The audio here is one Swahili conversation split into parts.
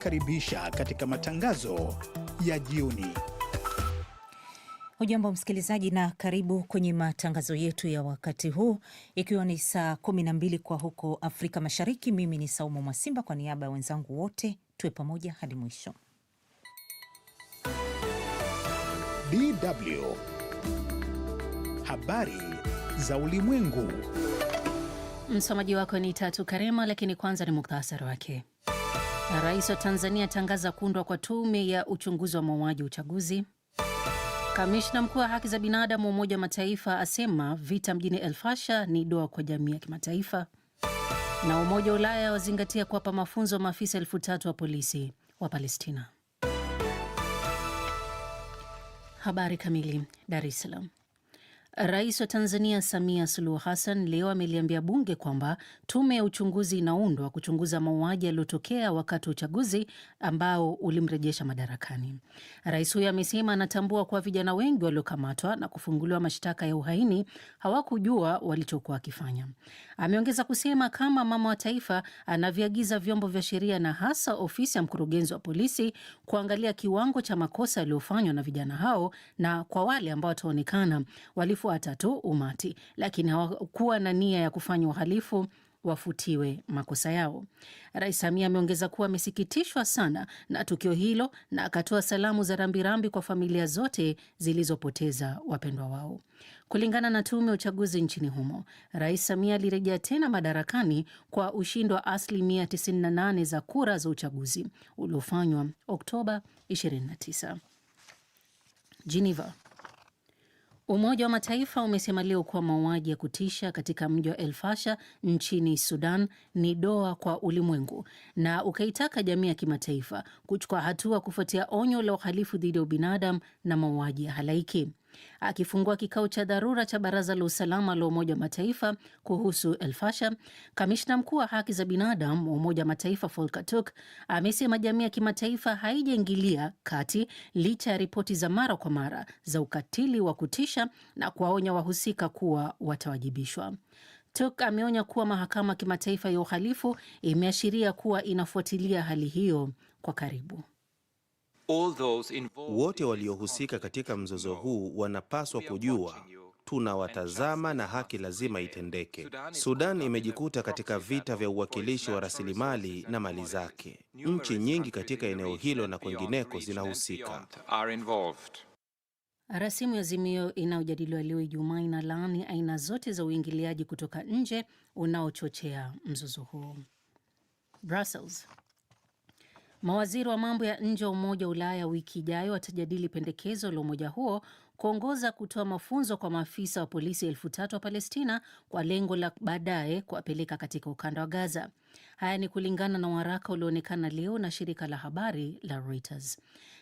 Karibisha katika matangazo ya jioni. Hujambo msikilizaji, na karibu kwenye matangazo yetu ya wakati huu, ikiwa ni saa 12 kwa huko Afrika Mashariki. Mimi ni Saumu Mwasimba, kwa niaba ya wenzangu wote, tuwe pamoja hadi mwisho. DW Habari za Ulimwengu, msomaji wako ni Tatu Karema, lakini kwanza ni muktasari wake. Rais wa Tanzania atangaza kuundwa kwa tume ya uchunguzi wa mauaji uchaguzi. Kamishna mkuu wa haki za binadamu wa Umoja wa Mataifa asema vita mjini El Fasha ni doa kwa jamii ya kimataifa. Na Umoja wa Ulaya wazingatia kuwapa mafunzo maafisa elfu tatu wa polisi wa Palestina. Habari kamili. Dar es Salaam. Rais wa Tanzania Samia Suluhu Hassan leo ameliambia bunge kwamba tume ya uchunguzi inaundwa kuchunguza mauaji yaliyotokea wakati wa uchaguzi ambao ulimrejesha madarakani. Rais huyo amesema anatambua kuwa vijana wengi waliokamatwa na kufunguliwa mashtaka ya uhaini hawakujua walichokuwa wakifanya. Ameongeza kusema kama mama wa taifa anavyoagiza vyombo vya sheria na hasa ofisi ya mkurugenzi wa polisi kuangalia kiwango cha makosa yaliyofanywa na vijana hao na kwa wale ambao wataonekana wali kufuata tu umati, lakini hawakuwa na nia ya kufanya uhalifu wafutiwe makosa yao. Rais Samia ameongeza kuwa amesikitishwa sana na tukio hilo na akatoa salamu za rambirambi kwa familia zote zilizopoteza wapendwa wao. Kulingana na tume ya uchaguzi nchini humo, Rais Samia alirejea tena madarakani kwa ushindi wa asilimia 98 za kura za uchaguzi uliofanywa Oktoba 29 Geneva. Umoja wa Mataifa umesema leo kuwa mauaji ya kutisha katika mji wa El Fasha nchini Sudan ni doa kwa ulimwengu na ukaitaka jamii ya kimataifa kuchukua hatua kufuatia onyo la uhalifu dhidi ya ubinadamu na mauaji ya halaiki. Akifungua kikao cha dharura cha Baraza la Usalama la Umoja wa Mataifa kuhusu elfasha kamishna mkuu wa haki za binadamu wa Umoja wa Mataifa Volker Turk amesema jamii ya kimataifa haijaingilia kati licha ya ripoti za mara kwa mara za ukatili wa kutisha na kuwaonya wahusika kuwa watawajibishwa. Turk ameonya kuwa mahakama kimataifa ya uhalifu imeashiria kuwa inafuatilia hali hiyo kwa karibu. Wote waliohusika katika mzozo huu wanapaswa kujua tunawatazama na haki lazima itendeke. Sudan imejikuta katika vita vya uwakilishi wa rasilimali na mali zake. Nchi nyingi katika eneo hilo na kwengineko zinahusika. Rasimu ya azimio inayojadiliwa leo Ijumaa inalaani aina zote za uingiliaji kutoka nje unaochochea mzozo huo. Brussels. Mawaziri wa mambo ya nje wa Umoja wa Ulaya wiki ijayo watajadili pendekezo la umoja huo kuongoza kutoa mafunzo kwa maafisa wa polisi elfu tatu wa Palestina kwa lengo la baadaye kuwapeleka katika ukanda wa Gaza. Haya ni kulingana na waraka ulioonekana leo na shirika la habari la Reuters.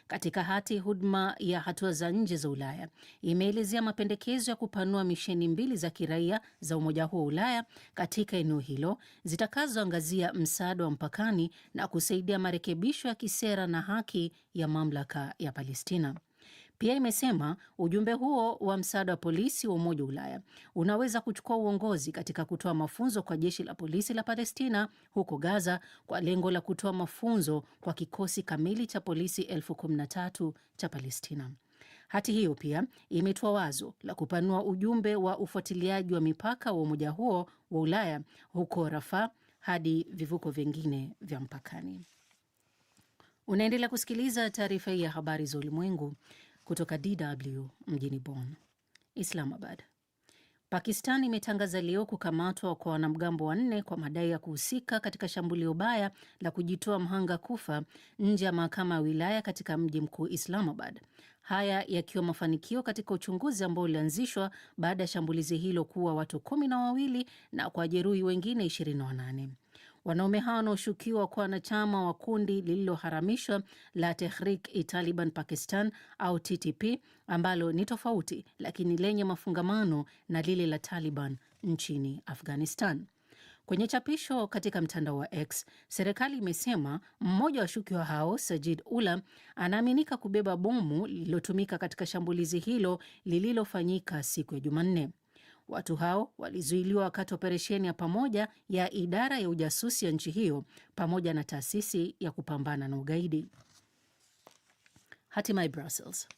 Katika hati, huduma ya hatua za nje za Ulaya imeelezea mapendekezo ya kupanua misheni mbili za kiraia za umoja huo wa Ulaya katika eneo hilo zitakazoangazia msaada wa mpakani na kusaidia marekebisho ya kisera na haki ya mamlaka ya Palestina. Pia imesema ujumbe huo wa msaada wa polisi wa Umoja wa Ulaya unaweza kuchukua uongozi katika kutoa mafunzo kwa jeshi la polisi la Palestina huko Gaza kwa lengo la kutoa mafunzo kwa kikosi kamili cha polisi elfu kumi na tatu cha Palestina. Hati hiyo pia imetoa wazo la kupanua ujumbe wa ufuatiliaji wa mipaka wa umoja huo wa Ulaya huko Rafa hadi vivuko vingine vya mpakani. Unaendelea kusikiliza taarifa hii ya habari za ulimwengu kutoka DW mjini Bonn. Islamabad. Pakistan imetangaza leo kukamatwa kwa wanamgambo wanne kwa madai ya kuhusika katika shambulio baya la kujitoa mhanga kufa nje ya mahakama ya wilaya katika mji mkuu Islamabad. Haya yakiwa mafanikio katika uchunguzi ambao ulianzishwa baada ya shambulizi hilo kuwa watu kumi na wawili na kwa jeruhi wengine 28. Wanaume hao wanaoshukiwa kuwa wanachama wa kundi lililoharamishwa la Tehrik-i Taliban Pakistan au TTP ambalo ni tofauti lakini lenye mafungamano na lile la Taliban nchini Afghanistan. Kwenye chapisho katika mtandao wa X, serikali imesema mmoja wa washukiwa hao Sajid ula anaaminika kubeba bomu lililotumika katika shambulizi hilo lililofanyika siku ya Jumanne. Watu hao walizuiliwa wakati operesheni ya pamoja ya idara ya ujasusi ya nchi hiyo pamoja na taasisi ya kupambana na ugaidi. Hatimaye Brussels.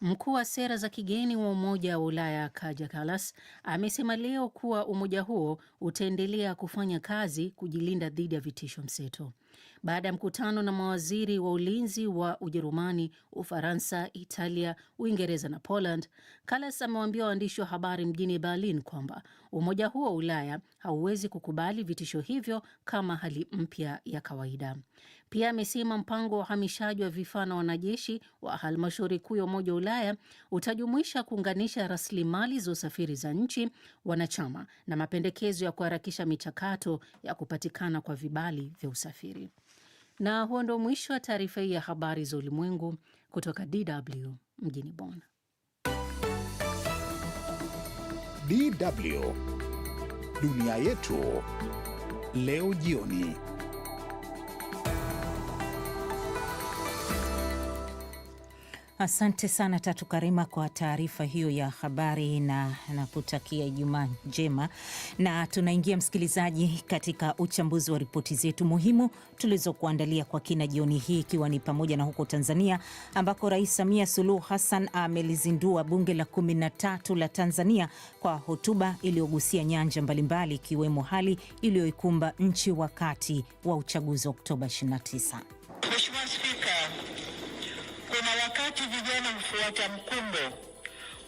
Mkuu wa sera za kigeni wa Umoja wa Ulaya Kaja Kallas amesema leo kuwa umoja huo utaendelea kufanya kazi kujilinda dhidi ya vitisho mseto baada ya mkutano na mawaziri wa ulinzi wa Ujerumani, Ufaransa, Italia, Uingereza na Poland. Kalas amewaambia waandishi wa habari mjini Berlin kwamba umoja huo wa Ulaya hauwezi kukubali vitisho hivyo kama hali mpya ya kawaida. Pia amesema mpango wa uhamishaji wa vifaa na wanajeshi wa halmashauri kuu ya Umoja wa Ulaya utajumuisha kuunganisha rasilimali za usafiri za nchi wanachama na mapendekezo ya kuharakisha michakato ya kupatikana kwa vibali vya usafiri. Na huo ndo mwisho wa taarifa hii ya habari za ulimwengu kutoka DW mjini Bonn. DW dunia yetu leo jioni. Asante sana Tatu Karima kwa taarifa hiyo ya habari na nakutakia Ijumaa njema. Na tunaingia msikilizaji, katika uchambuzi wa ripoti zetu muhimu tulizokuandalia kwa kina jioni hii, ikiwa ni pamoja na huko Tanzania ambako Rais Samia Suluhu Hassan amelizindua bunge la kumi na tatu la Tanzania kwa hotuba iliyogusia nyanja mbalimbali ikiwemo hali iliyoikumba nchi wakati wa uchaguzi wa Oktoba 29 wakati vijana mfuata mkumbo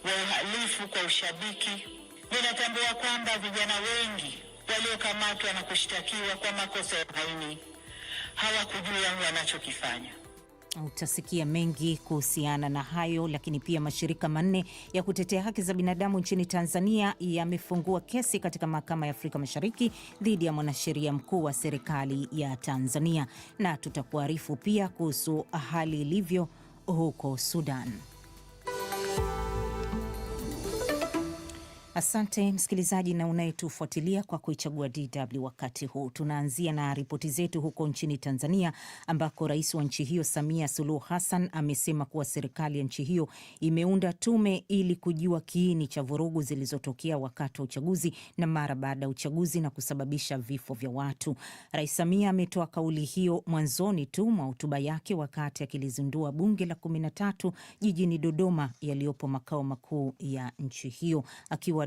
wa uhalifu kwa ushabiki. Ninatambua kwamba vijana wengi waliokamatwa na kushtakiwa kwa makosa ya uhaini hawakujua wanachokifanya. Utasikia mengi kuhusiana na hayo, lakini pia mashirika manne ya kutetea haki za binadamu nchini Tanzania yamefungua kesi katika mahakama ya Afrika Mashariki dhidi ya mwanasheria mkuu wa serikali ya Tanzania, na tutakuarifu pia kuhusu hali ilivyo huko Sudan. Asante msikilizaji na unayetufuatilia kwa kuichagua DW wakati huu. Tunaanzia na ripoti zetu huko nchini Tanzania, ambako rais wa nchi hiyo Samia Suluhu Hassan amesema kuwa serikali ya nchi hiyo imeunda tume ili kujua kiini cha vurugu zilizotokea wakati wa uchaguzi na mara baada ya uchaguzi na kusababisha vifo vya watu. Rais Samia ametoa kauli hiyo mwanzoni tu mwa hotuba yake wakati akilizindua bunge la kumi na tatu jijini Dodoma, yaliyopo makao makuu ya nchi hiyo akiwa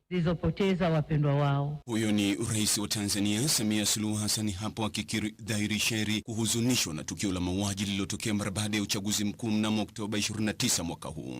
zilizopoteza wapendwa wao. Huyo ni Rais wa Tanzania Samia Suluhu Hassan hapo akikiri dhahiri sheri kuhuzunishwa na tukio la mauaji lililotokea mara baada ya uchaguzi mkuu mnamo Oktoba 29 mwaka huu.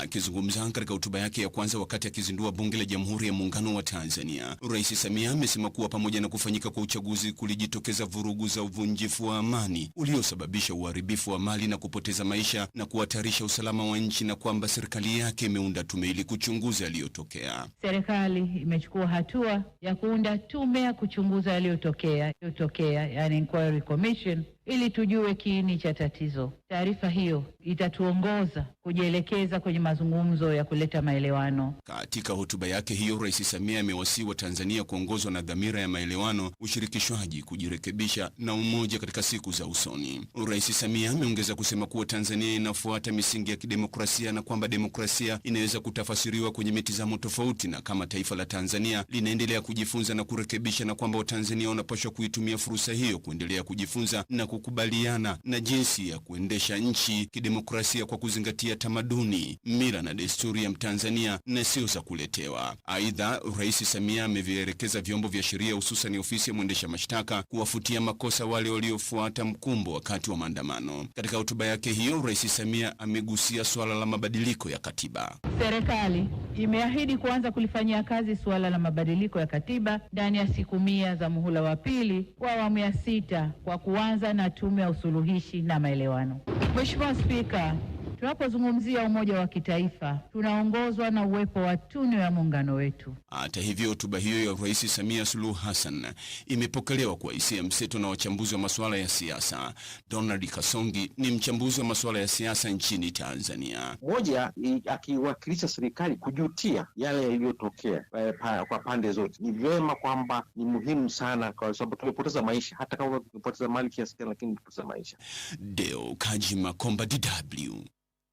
Akizungumza katika hotuba yake ya kwanza wakati akizindua Bunge la Jamhuri ya Muungano wa Tanzania, Rais Samia amesema kuwa pamoja na kufanyika kwa uchaguzi kulijitokeza vurugu za uvunjifu wa amani uliosababisha uharibifu wa mali na kupoteza maisha na kuhatarisha usalama wa nchi na kwamba serikali yake imeunda tume ili kuchunguza yaliyotokea serikali imechukua hatua ya kuunda tume ya kuchunguza yaliyotokea yaliyotokea, yani inquiry commission ili tujue kiini cha tatizo. Taarifa hiyo itatuongoza kujielekeza kwenye mazungumzo ya kuleta maelewano. Katika hotuba yake hiyo, Rais Samia amewasihi Watanzania kuongozwa na dhamira ya maelewano, ushirikishwaji, kujirekebisha na umoja katika siku za usoni. Rais Samia ameongeza kusema kuwa Tanzania inafuata misingi ya kidemokrasia na kwamba demokrasia inaweza kutafasiriwa kwenye mitazamo tofauti, na kama taifa la Tanzania linaendelea kujifunza na kurekebisha, na kwamba Watanzania wanapaswa kuitumia fursa hiyo kuendelea kujifunza na ku kukubaliana na jinsi ya kuendesha nchi kidemokrasia kwa kuzingatia tamaduni, mila na desturi ya Mtanzania na sio za kuletewa. Aidha, Rais Samia amevielekeza vyombo vya sheria hususani ofisi ya mwendesha mashtaka kuwafutia makosa wale waliofuata mkumbo wakati wa maandamano. Katika hotuba yake hiyo, Rais Samia amegusia suala la mabadiliko ya katiba. Serikali imeahidi kuanza kulifanyia kazi suala la mabadiliko ya katiba ndani ya siku mia za muhula wa pili wa awamu ya sita kwa kuanza na Tume ya Usuluhishi na Maelewano. Mheshimiwa Spika, Tunapozungumzia umoja wa kitaifa, tunaongozwa na uwepo wa tunu ya muungano wetu. Hata hivyo, hotuba hiyo ya Rais Samia Suluhu Hassan imepokelewa kwa hisia mseto na wachambuzi wa masuala ya siasa. Donald Kasongi ni mchambuzi wa masuala ya siasa nchini Tanzania. Moja, akiwakilisha serikali kujutia yale yaliyotokea eh, kwa pande zote, ni vyema kwamba ni muhimu sana, kwa sababu tumepoteza maisha, hata kama tumepoteza mali kiasi gani, lakini tumepoteza maisha. Deo Kaji Makomba, DW.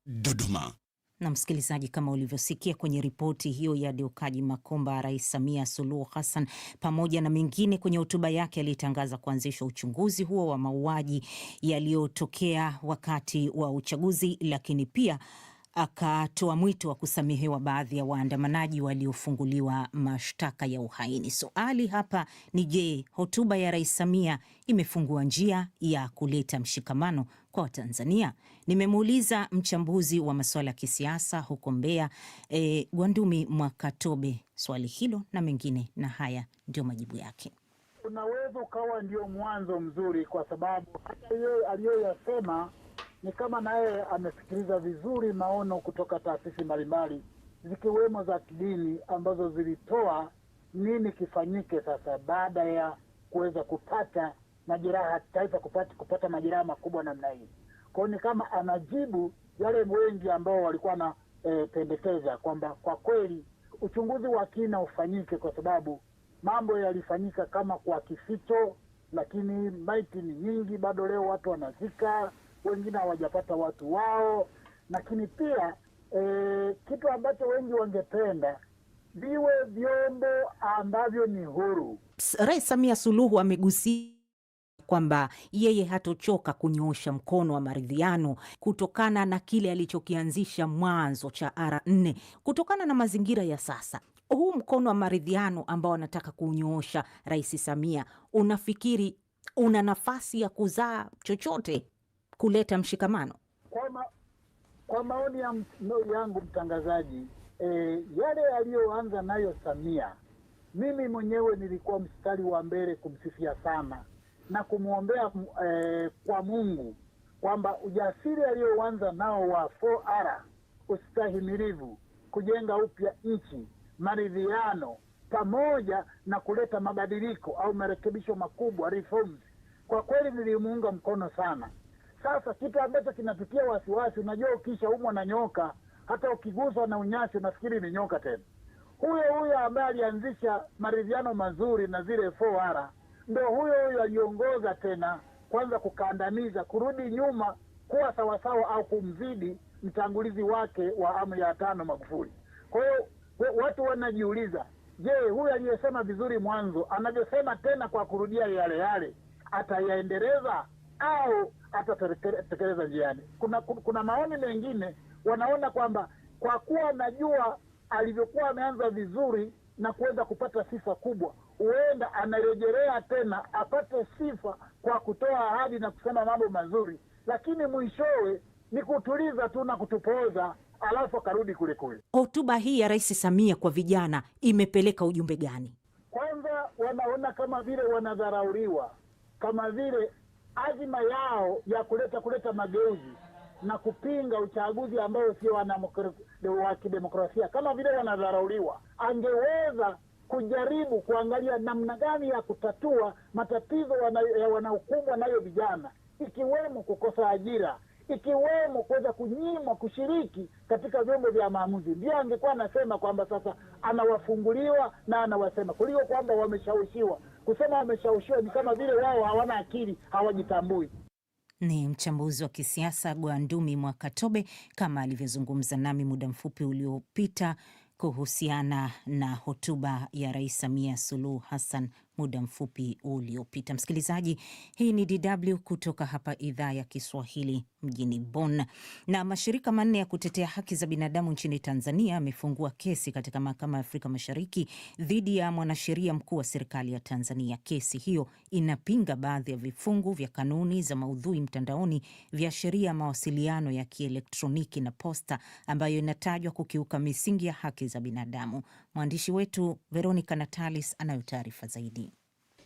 Dodoma. Na msikilizaji, kama ulivyosikia kwenye ripoti hiyo ya Deukaji Makomba, Rais Samia Suluhu Hassan pamoja na mengine kwenye hotuba yake alitangaza kuanzishwa uchunguzi huo wa mauaji yaliyotokea wakati wa uchaguzi, lakini pia akatoa mwito wa kusamehewa baadhi ya waandamanaji waliofunguliwa mashtaka ya uhaini. Swali hapa ni je, hotuba ya Rais Samia imefungua njia ya kuleta mshikamano kwa Watanzania? Nimemuuliza mchambuzi wa masuala ya kisiasa huko Mbeya, e, Gwandumi Mwakatobe swali hilo na mengine, na haya ndio majibu yake. Unaweza ukawa ndio mwanzo mzuri, kwa sababu hata yeye aliyoyasema ni kama naye amesikiliza vizuri maono kutoka taasisi mbalimbali zikiwemo za kidini ambazo zilitoa nini kifanyike sasa baada ya kuweza kupata majeraha, taifa kupata, kupata majeraha makubwa namna hii. kwao ni kama anajibu wale wengi ambao walikuwa na e, pendekeza kwamba kwa kweli uchunguzi wa kina ufanyike, kwa sababu mambo yalifanyika kama kwa kificho, lakini maiti ni nyingi, bado leo watu wanazika, wengine hawajapata watu wao. Lakini pia e, kitu ambacho wengi wangependa viwe vyombo ambavyo ni huru. Rais Samia Suluhu amegusia kwamba yeye hatochoka kunyoosha mkono wa maridhiano kutokana na kile alichokianzisha mwanzo cha R4 kutokana na mazingira ya sasa. Huu mkono wa maridhiano ambao anataka kunyoosha Rais Samia, unafikiri una nafasi ya kuzaa chochote kuleta mshikamano? Kwa, ma, kwa maoni ya yangu mtangazaji, e, yale aliyoanza nayo Samia, mimi mwenyewe nilikuwa mstari wa mbele kumsifia sana na kumwombea eh, kwa Mungu kwamba ujasiri aliyouanza nao wa 4R ustahimilivu, kujenga upya nchi, maridhiano, pamoja na kuleta mabadiliko au marekebisho makubwa reforms, kwa kweli nilimuunga mkono sana. Sasa kitu ambacho kinatukia wasiwasi, unajua, ukisha umwa na nyoka, hata ukiguswa na unyasi unafikiri ni nyoka tena. Huyo huyo ambaye alianzisha maridhiano mazuri na zile 4R ndo huyo huyo aliongoza tena kwanza kukandamiza, kurudi nyuma, kuwa sawasawa au kumzidi mtangulizi wake wa amu ya tano Magufuli. Kwa hiyo watu wanajiuliza, je, huyu aliyesema vizuri mwanzo anavyosema tena kwa kurudia yale yale atayaendeleza au atatekeleza njiani? Kuna, kuna maoni mengine wanaona kwamba kwa kuwa anajua alivyokuwa ameanza vizuri na kuweza kupata sifa kubwa huenda amerejelea tena apate sifa kwa kutoa ahadi na kusema mambo mazuri, lakini mwishowe ni kutuliza tu na kutupoza, alafu akarudi kule kule. Hotuba hii ya Rais Samia kwa vijana imepeleka ujumbe gani? Kwanza wanaona kama vile wanadharauliwa, kama vile azima yao ya kuleta kuleta mageuzi na kupinga uchaguzi ambao sio wa kidemokrasia, kama vile wanadharauliwa. Angeweza kujaribu kuangalia namna gani ya kutatua matatizo ya wanaokumbwa nayo vijana, ikiwemo kukosa ajira, ikiwemo kuweza kunyimwa kushiriki katika vyombo vya maamuzi. ndio angekuwa anasema kwamba sasa anawafunguliwa na anawasema, kuliko kwamba wameshawishiwa. Kusema wameshawishiwa ni kama vile wao hawana akili, hawajitambui. Ni mchambuzi wa kisiasa Gwandumi Mwakatobe kama alivyozungumza nami muda mfupi uliopita kuhusiana na hotuba ya Rais Samia Suluhu Hassan muda mfupi uliopita. Msikilizaji, hii ni DW kutoka hapa idhaa ya Kiswahili mjini Bonn. Na mashirika manne ya kutetea haki za binadamu nchini Tanzania yamefungua kesi katika mahakama ya Afrika Mashariki dhidi ya mwanasheria mkuu wa serikali ya Tanzania. Kesi hiyo inapinga baadhi ya vifungu vya kanuni za maudhui mtandaoni vya sheria ya mawasiliano ya kielektroniki na posta ambayo inatajwa kukiuka misingi ya haki za binadamu. Mwandishi wetu Veronica Natalis anayo taarifa zaidi.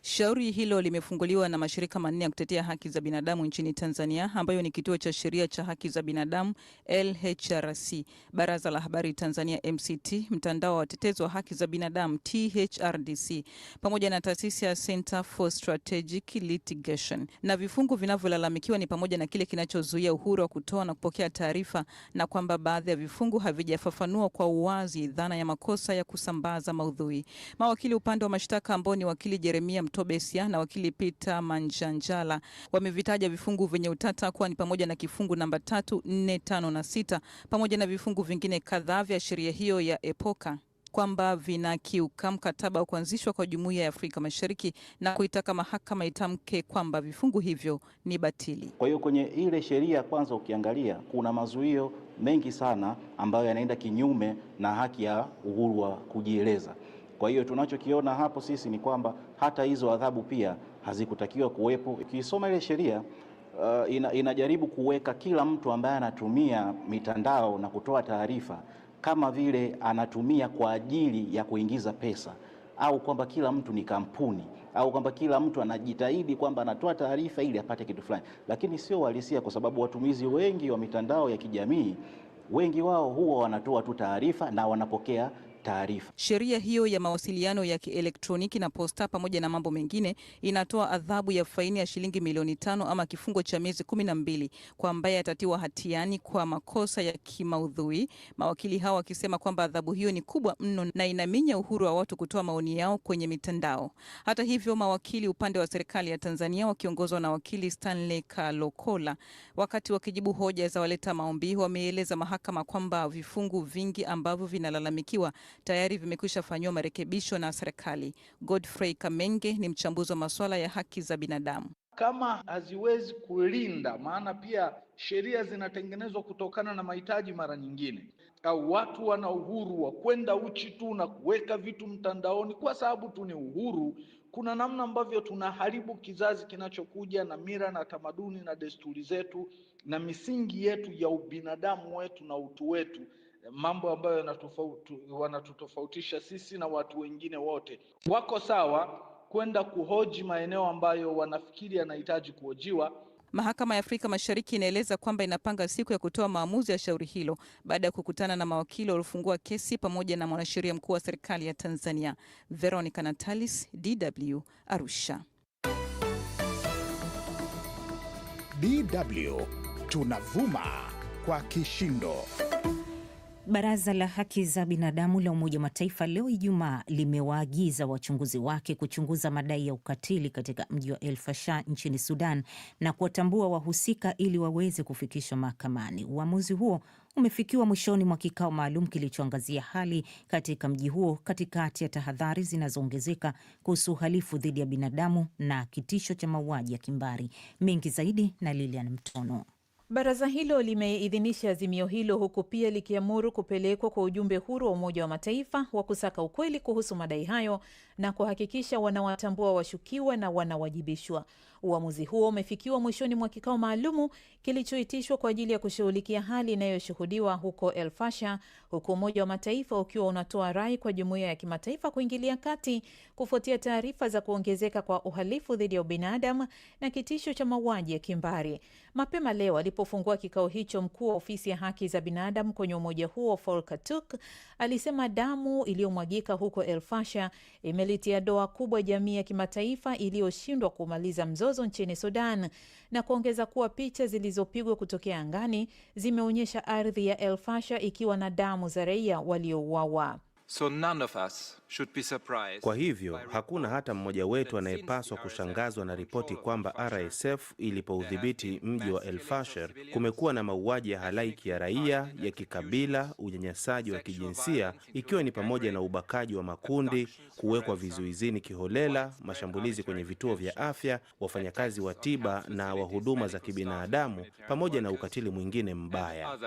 Shauri hilo limefunguliwa na mashirika manne ya kutetea haki za binadamu nchini Tanzania ambayo ni Kituo cha Sheria cha Haki za Binadamu LHRC, Baraza la Habari Tanzania MCT, Mtandao wa Watetezi wa Haki za Binadamu THRDC, pamoja na taasisi ya Center for Strategic Litigation. Na vifungu vinavyolalamikiwa ni pamoja na kile kinachozuia uhuru wa kutoa na kupokea taarifa na kwamba baadhi ya vifungu havijafafanua kwa uwazi dhana ya makosa ya kusambaza maudhui. Mawakili upande wa mashtaka ambao ni wakili Jeremia Mto Doto Besia na wakili Peter Manjanjala wamevitaja vifungu vyenye utata kuwa ni pamoja na kifungu namba tatu, nne, tano na sita pamoja na vifungu vingine kadhaa vya sheria hiyo ya EPOKA kwamba vinakiuka mkataba wa kuanzishwa kwa Jumuiya ya Afrika Mashariki na kuitaka mahakama itamke kwamba vifungu hivyo ni batili. Kwa hiyo kwenye ile sheria kwanza, ukiangalia kuna mazuio mengi sana ambayo yanaenda kinyume na haki ya uhuru wa kujieleza. Kwa hiyo tunachokiona hapo sisi ni kwamba hata hizo adhabu pia hazikutakiwa kuwepo. Ukisoma ile sheria uh, ina, inajaribu kuweka kila mtu ambaye anatumia mitandao na kutoa taarifa kama vile anatumia kwa ajili ya kuingiza pesa au kwamba kila mtu ni kampuni au kwamba kila mtu anajitahidi kwamba anatoa taarifa ili apate kitu fulani, lakini sio uhalisia, kwa sababu watumizi wengi wa mitandao ya kijamii wengi wao huwa wanatoa tu taarifa na wanapokea taarifa. Sheria hiyo ya mawasiliano ya kielektroniki na posta, pamoja na mambo mengine, inatoa adhabu ya faini ya shilingi milioni tano ama kifungo cha miezi kumi na mbili kwa ambaye atatiwa hatiani kwa makosa ya kimaudhui, mawakili hao wakisema kwamba adhabu hiyo ni kubwa mno na inaminya uhuru wa watu kutoa maoni yao kwenye mitandao. Hata hivyo, mawakili upande wa serikali ya Tanzania wakiongozwa na wakili Stanley Kalokola, wakati wakijibu hoja za waleta maombi, wameeleza mahakama kwamba vifungu vingi ambavyo vinalalamikiwa tayari vimekwisha fanyiwa marekebisho na serikali. Godfrey Kamenge ni mchambuzi wa masuala ya haki za binadamu. Kama haziwezi kulinda, maana pia sheria zinatengenezwa kutokana na mahitaji mara nyingine, au watu wana uhuru wa kwenda uchi tu na kuweka vitu mtandaoni kwa sababu tu ni uhuru. Kuna namna ambavyo tunaharibu kizazi kinachokuja na mira na tamaduni na desturi zetu na misingi yetu ya ubinadamu wetu na utu wetu mambo ambayo wanatutofautisha sisi na watu wengine wote. Wako sawa kwenda kuhoji maeneo ambayo wanafikiri yanahitaji kuhojiwa. Mahakama ya Afrika Mashariki inaeleza kwamba inapanga siku ya kutoa maamuzi ya shauri hilo baada ya kukutana na mawakili waliofungua kesi pamoja na mwanasheria mkuu wa serikali ya Tanzania. Veronica Natalis, DW Arusha. DW tunavuma kwa kishindo. Baraza la Haki za Binadamu la Umoja wa Mataifa leo Ijumaa limewaagiza wachunguzi wake kuchunguza madai ya ukatili katika mji wa El Fasher nchini Sudan na kuwatambua wahusika ili waweze kufikishwa mahakamani. Uamuzi huo umefikiwa mwishoni mwa kikao maalum kilichoangazia hali katika mji huo katikati ya tahadhari zinazoongezeka kuhusu uhalifu dhidi ya binadamu na kitisho cha mauaji ya kimbari. Mengi zaidi na Lilian Mtono. Baraza hilo limeidhinisha azimio hilo huku pia likiamuru kupelekwa kwa ujumbe huru wa Umoja wa Mataifa wa kusaka ukweli kuhusu madai hayo na kuhakikisha wanawatambua washukiwa na wanawajibishwa. Uamuzi huo umefikiwa mwishoni mwa kikao maalumu kilichoitishwa kwa ajili ya kushughulikia hali inayoshuhudiwa huko El Fasha, huku Umoja wa Mataifa ukiwa unatoa rai kwa jumuiya ya kimataifa kuingilia kati kufuatia taarifa za kuongezeka kwa uhalifu dhidi ya ubinadamu na kitisho cha mauaji ya kimbari. Mapema leo alipofungua kikao hicho, mkuu wa ofisi ya haki za binadamu kwenye umoja huo Volker tuk alisema damu iliyomwagika huko elfasha imelitia doa kubwa jamii ya kimataifa iliyoshindwa kumaliza mzozo nchini Sudan, na kuongeza kuwa picha zilizopigwa kutokea angani zimeonyesha ardhi ya elfasha ikiwa na damu za raia waliouawa. So none of us should be surprised. Kwa hivyo hakuna hata mmoja wetu anayepaswa kushangazwa na ripoti kwamba RSF ilipoudhibiti mji wa El Fasher kumekuwa na mauaji ya halaiki ya raia ya kikabila, unyanyasaji wa kijinsia, ikiwa ni pamoja na ubakaji wa makundi, kuwekwa vizuizini kiholela, mashambulizi kwenye vituo vya afya, wafanyakazi wa tiba na wa huduma za kibinadamu, pamoja na ukatili mwingine mbaya.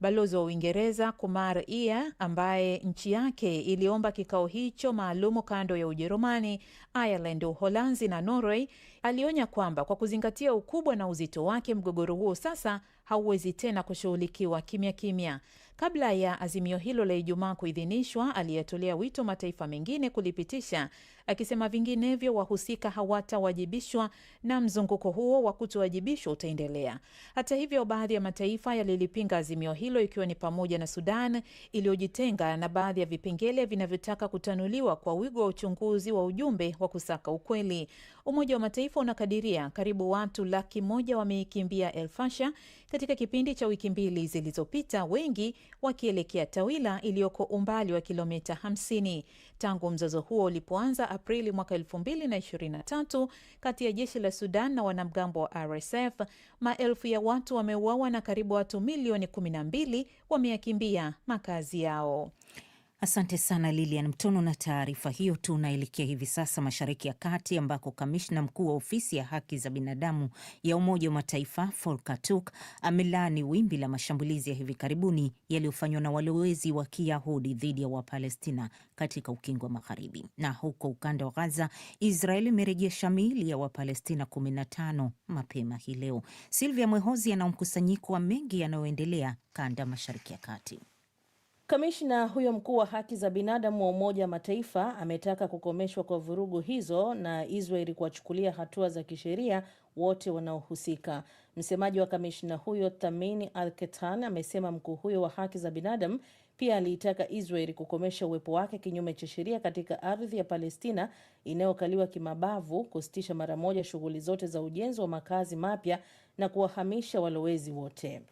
Balozi wa Uingereza Kumar Ia, ambaye nchi yake iliomba kikao hicho maalumu kando ya Ujerumani, Ireland, Uholanzi na Norway, alionya kwamba kwa kuzingatia ukubwa na uzito wake, mgogoro huo sasa hauwezi tena kushughulikiwa kimya kimya. Kabla ya azimio hilo la Ijumaa kuidhinishwa, aliyetolea wito mataifa mengine kulipitisha akisema vinginevyo wahusika hawatawajibishwa na mzunguko huo wa kutowajibishwa utaendelea. Hata hivyo, baadhi ya mataifa yalilipinga azimio hilo ikiwa ni pamoja na Sudan iliyojitenga na baadhi ya vipengele vinavyotaka kutanuliwa kwa wigo wa uchunguzi wa ujumbe wa kusaka ukweli. Umoja wa Mataifa unakadiria karibu watu laki moja wameikimbia elfasha katika kipindi cha wiki mbili zilizopita, wengi wakielekea Tawila iliyoko umbali wa kilomita 50 tangu mzozo huo ulipoanza Aprili mwaka 2023 kati ya jeshi la Sudan na wanamgambo wa RSF. Maelfu ya watu wameuawa na karibu watu milioni 12 wameyakimbia makazi yao. Asante sana Lilian Mtono na taarifa hiyo. Tunaelekea hivi sasa Mashariki ya Kati ambako kamishna mkuu wa ofisi ya haki za binadamu ya Umoja wa Mataifa Volker Turk amelaani wimbi la mashambulizi ya hivi karibuni yaliyofanywa na walowezi wa Kiyahudi dhidi ya Wapalestina katika Ukingo wa Magharibi. Na huko ukanda wa Gaza, Israeli imerejesha miili ya Wapalestina 15 mapema hii leo. Silvia Mwehozi ana mkusanyiko wa mengi yanayoendelea kanda Mashariki ya Kati. Kamishna huyo mkuu wa haki za binadamu wa Umoja wa Mataifa ametaka kukomeshwa kwa vurugu hizo na Israeli kuwachukulia hatua za kisheria wote wanaohusika. Msemaji wa kamishna huyo Thamini Al-Ketan amesema mkuu huyo wa haki za binadamu pia aliitaka Israeli kukomesha uwepo wake kinyume cha sheria katika ardhi ya Palestina inayokaliwa kimabavu, kusitisha mara moja shughuli zote za ujenzi wa makazi mapya na kuwahamisha walowezi wote.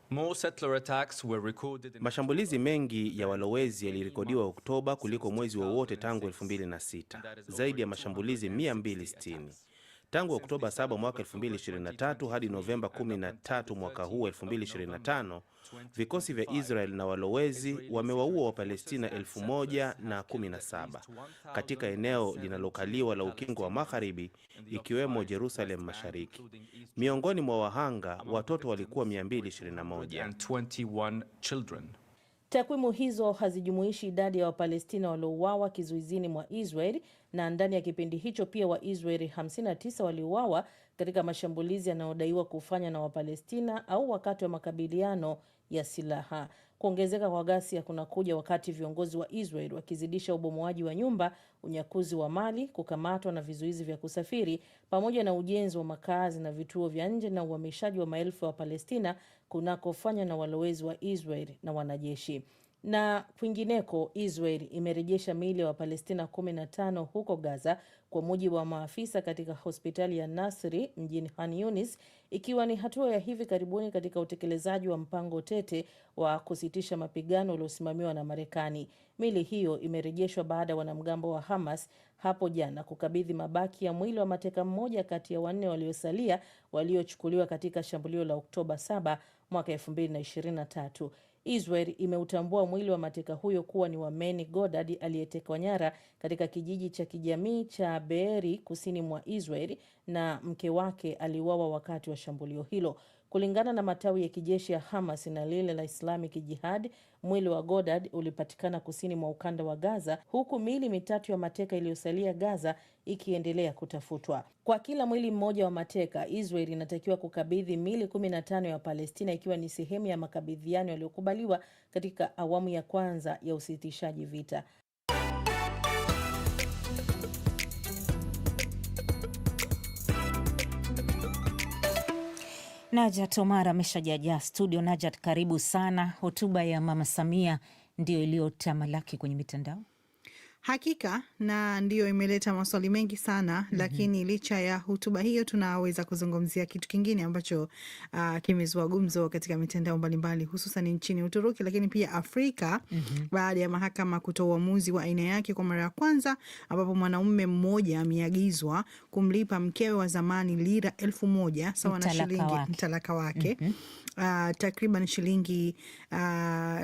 Mashambulizi mengi ya walowezi yalirekodiwa Oktoba kuliko mwezi wowote tangu 2006, zaidi ya mashambulizi 260. Tangu Oktoba 7 mwaka 2023 hadi Novemba 13 mwaka huu 2025, vikosi vya Israel na walowezi wamewaua Wapalestina 1017 katika eneo linalokaliwa la Ukingo wa Magharibi, ikiwemo Jerusalem Mashariki. Miongoni mwa wahanga watoto walikuwa 221. Takwimu hizo hazijumuishi idadi ya Wapalestina waliouawa kizuizini mwa Israel na ndani ya kipindi hicho pia Waisraeli 59 waliuawa katika mashambulizi yanayodaiwa kufanya na Wapalestina au wakati wa makabiliano ya silaha. Kuongezeka kwa gasia kunakuja wakati viongozi wa Israel wakizidisha ubomoaji wa nyumba, unyakuzi wa mali, kukamatwa na vizuizi vya kusafiri, pamoja na ujenzi wa makazi na vituo vya nje na uhamishaji wa maelfu ya Wapalestina kunakofanywa na walowezi wa Israel na wanajeshi. Na kwingineko, Israel imerejesha miili ya Wapalestina 15 huko Gaza kwa mujibu wa maafisa katika hospitali ya Nasri mjini Khan Younis, ikiwa ni hatua ya hivi karibuni katika utekelezaji wa mpango tete wa kusitisha mapigano uliosimamiwa na Marekani. Miili hiyo imerejeshwa baada ya wanamgambo wa Hamas hapo jana kukabidhi mabaki ya mwili wa mateka mmoja kati ya wanne waliosalia waliochukuliwa katika shambulio la Oktoba 7 mwaka 2023. Israel imeutambua mwili wa mateka huyo kuwa ni wa Godad aliyetekwa nyara katika kijiji cha kijamii cha Beeri kusini mwa Israel na mke wake aliuawa wakati wa shambulio hilo. Kulingana na matawi ya kijeshi ya Hamas na lile la Islamic Jihad, mwili wa Godad ulipatikana kusini mwa ukanda wa Gaza, huku miili mitatu ya mateka iliyosalia Gaza ikiendelea kutafutwa. Kwa kila mwili mmoja wa mateka, Israel inatakiwa kukabidhi miili kumi na tano ya Palestina, ikiwa ni sehemu ya makabidhiano yaliyokubaliwa katika awamu ya kwanza ya usitishaji vita. Najat Omar ameshajajaa studio. Najat, karibu sana. Hotuba ya Mama Samia ndio iliyotamalaki kwenye mitandao. Hakika na ndiyo imeleta maswali mengi sana mm -hmm. Lakini licha ya hotuba hiyo, tunaweza kuzungumzia kitu kingine ambacho uh, kimezua gumzo katika mitandao mbalimbali hususan nchini Uturuki, lakini pia Afrika mm -hmm. Baada ya mahakama kutoa uamuzi wa aina yake kwa mara ya kwanza, ambapo mwanaume mmoja ameagizwa kumlipa mkewe wa zamani lira elfu moja sawa na shilingi mtalaka wake mm -hmm. uh, takriban shilingi uh,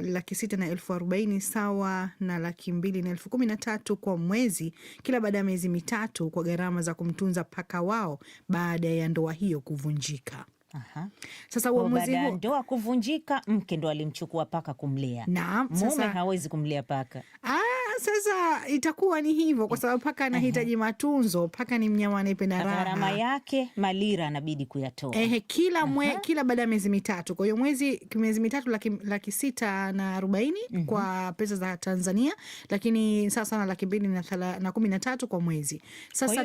laki sita na elfu arobaini sawa na laki mbili na elfu kumi na tano tatu kwa mwezi kila baada ya miezi mitatu kwa gharama za kumtunza paka wao baada ya ndoa hiyo kuvunjika. Aha. Sasa uamuzi huu ndoa kuvunjika, mke ndo alimchukua paka kumlea. Naam, mume hawezi kumlea paka. Ah, sasa itakuwa ni hivyo kwa sababu paka anahitaji mhm. matunzo. Paka ni mnyama anayependa raha yake, malira anabidi kuyatoa ehe, kila mwe, kila baada ya miezi mitatu. Kwa hiyo mwezi miezi mitatu laki, laki sita na arobaini mm -hmm. kwa pesa za Tanzania, lakini sasa sana laki mbili na thala, na kumi na tatu kwa mwezi. Sasa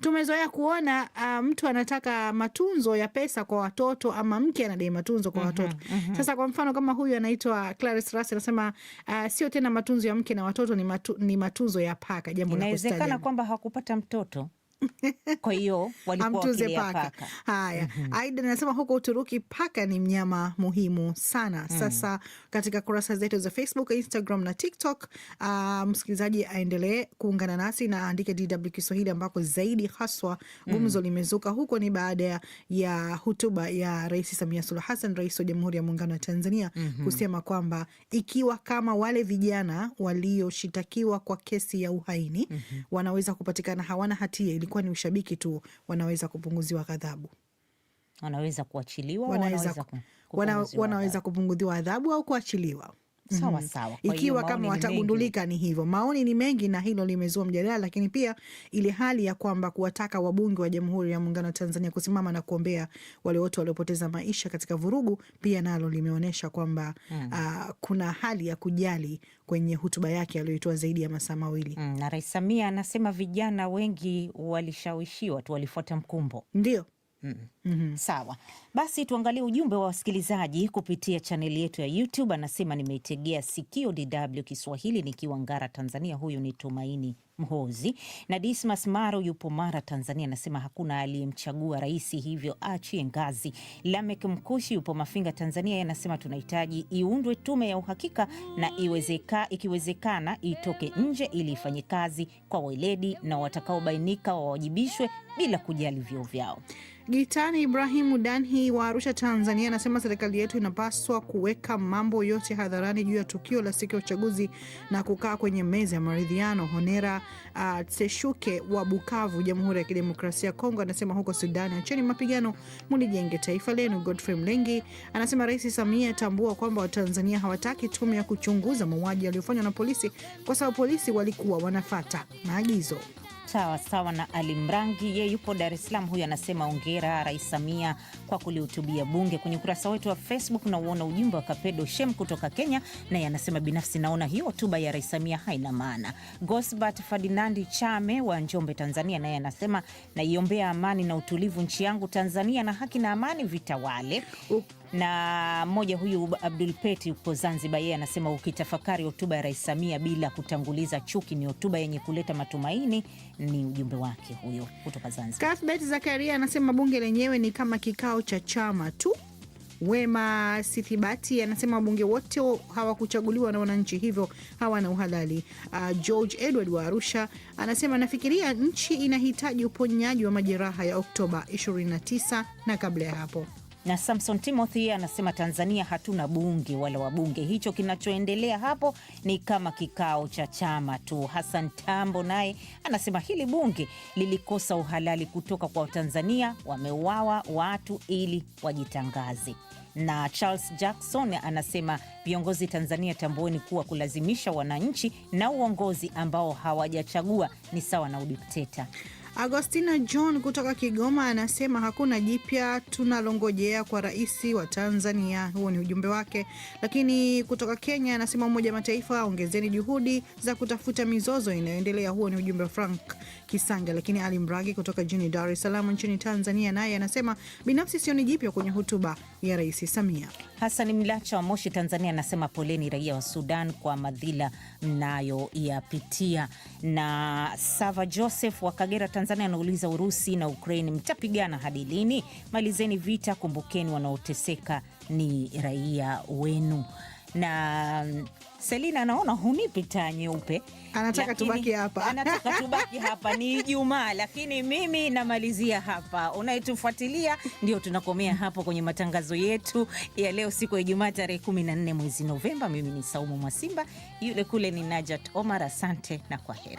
tumezoea kuona uh, mtu anataka matunzo ya pesa kwa watoto ama mke anadai matunzo kwa mhm, watoto mm -hmm. Sasa kwa mfano kama huyu anaitwa Clarice Russell anasema uh, sio tena matunzo ya mke na watoto ni, matu, ni matunzo ya paka. Jambo inawezekana kwamba hawakupata mtoto Kwa hiyo walikuwa amtuze paka. Haya, mm -hmm. Aida anasema huko Uturuki paka ni mnyama muhimu sana. Mm. Sasa mm. katika kurasa zetu za Facebook, Instagram na TikTok, uh, msikilizaji aendelee kuungana nasi na aandike DW Kiswahili ambako zaidi haswa mm. gumzo mm. limezuka huko ni baada ya hotuba ya Rais Samia Suluhu Hassan, rais wa Jamhuri ya Muungano wa Tanzania mm -hmm. kusema kwamba ikiwa kama wale vijana walioshitakiwa kwa kesi ya uhaini mm -hmm. wanaweza kupatikana hawana hatia ili ilikuwa ni ushabiki tu, wanaweza kupunguziwa adhabu, wanaweza kuachiliwa, wanaweza, wanaweza kupunguziwa adhabu au kuachiliwa sawa mhm. sawa, ikiwa kama watagundulika ni hivyo. Maoni ni mengi na hilo limezua mjadala, lakini pia ile hali ya kwamba kuwataka wabunge wa Jamhuri ya Muungano wa Tanzania kusimama na kuombea wale wote waliopoteza maisha katika vurugu, pia nalo limeonyesha kwamba mm. uh, kuna hali ya kujali kwenye hotuba yake aliyoitoa zaidi ya masaa mawili mm. na Rais Samia anasema vijana wengi walishawishiwa tu, walifuata mkumbo, ndio Mm -hmm. Sawa basi, tuangalie ujumbe wa wasikilizaji kupitia chaneli yetu ya YouTube. Anasema nimeitegea sikio DW Kiswahili nikiwa Ngara, Tanzania. Huyu ni Tumaini Mhozi na Dismas Maro yupo Mara, Tanzania. Anasema hakuna aliyemchagua rais, hivyo achie ngazi. Lamek Mkushi yupo Mafinga, Tanzania. anasema tunahitaji iundwe tume ya uhakika na iwezeka, ikiwezekana itoke nje ili ifanye kazi kwa weledi na watakaobainika wawajibishwe bila kujali vyeo vyao. Gitani Ibrahimu Danhi wa Arusha, Tanzania, anasema serikali yetu inapaswa kuweka mambo yote hadharani juu ya tukio la siku ya uchaguzi na kukaa kwenye meza ya maridhiano. Honera uh, Tseshuke wa Bukavu, Jamhuri ya Kidemokrasia ya Kongo, anasema huko Sudani acheni mapigano, mulijenge taifa lenu. Godfrey Mlengi anasema Rais Samia atambua kwamba Watanzania hawataki tume ya kuchunguza mauaji yaliyofanywa na polisi kwa sababu polisi walikuwa wanafata maagizo sawa sawa na Ali Mrangi, ye yupo Dar es Salaam. Huyu anasema ongera Rais Samia kwa kulihutubia Bunge. Kwenye ukurasa wetu wa Facebook nauona ujumbe wa Kapedo Shem kutoka Kenya, naye anasema binafsi naona hiyo hotuba ya Rais Samia haina maana. Gosbert Ferdinandi Chame wa Njombe, Tanzania, naye anasema naiombea amani na utulivu nchi yangu Tanzania, na haki na amani vitawale na mmoja huyu Abdul Peti uko Zanzibar, yeye anasema ukitafakari hotuba ya Rais Samia bila kutanguliza chuki ni hotuba yenye kuleta matumaini. Ni ujumbe wake huyo kutoka Zanzibar. Zakaria anasema bunge lenyewe ni kama kikao cha chama tu. Wema Sithibati anasema wabunge wote hawakuchaguliwa na wananchi, hivyo hawana uhalali. Uh, George Edward wa Arusha anasema nafikiria nchi inahitaji uponyaji wa majeraha ya Oktoba 29 na kabla ya hapo. Na Samson Timothy anasema Tanzania hatuna bunge wala wabunge, hicho kinachoendelea hapo ni kama kikao cha chama tu. hasan Tambo naye anasema hili bunge lilikosa uhalali kutoka kwa tanzania wameuawa watu ili wajitangaze na Charles Jackson anasema viongozi Tanzania, tambueni kuwa kulazimisha wananchi na uongozi ambao hawajachagua ni sawa na udikteta. Agostina John kutoka Kigoma anasema hakuna jipya tunalongojea kwa rais wa Tanzania. Huo ni ujumbe wake. Lakini kutoka Kenya anasema Umoja Mataifa, ongezeni juhudi za kutafuta mizozo inayoendelea. Huo ni ujumbe wa Frank Kisanga. Lakini Ali Mragi kutoka jini Dar es Salaam nchini Tanzania naye anasema binafsi sioni jipya kwenye hotuba ya Rais Samia. Hassan Mlacha wa Moshi, Tanzania anasema poleni raia wa Sudan kwa madhila mnayoyapitia. Na Sava Joseph wa Kagera, Tanzania Tanzania anauliza Urusi na ukrain mtapigana hadi lini? Malizeni vita, kumbukeni wanaoteseka ni raia wenu. Na mm, Selina anaona hunipi taa nyeupe, anataka tubaki hapa, anataka tubaki hapa. Ni Ijumaa, lakini mimi namalizia hapa. Unayetufuatilia, ndio tunakomea hapo kwenye matangazo yetu ya leo, siku ya Ijumaa tarehe 14 mwezi Novemba. Mimi ni Saumu Mwasimba, yule kule ni Najat Omar. Asante na kwa heri.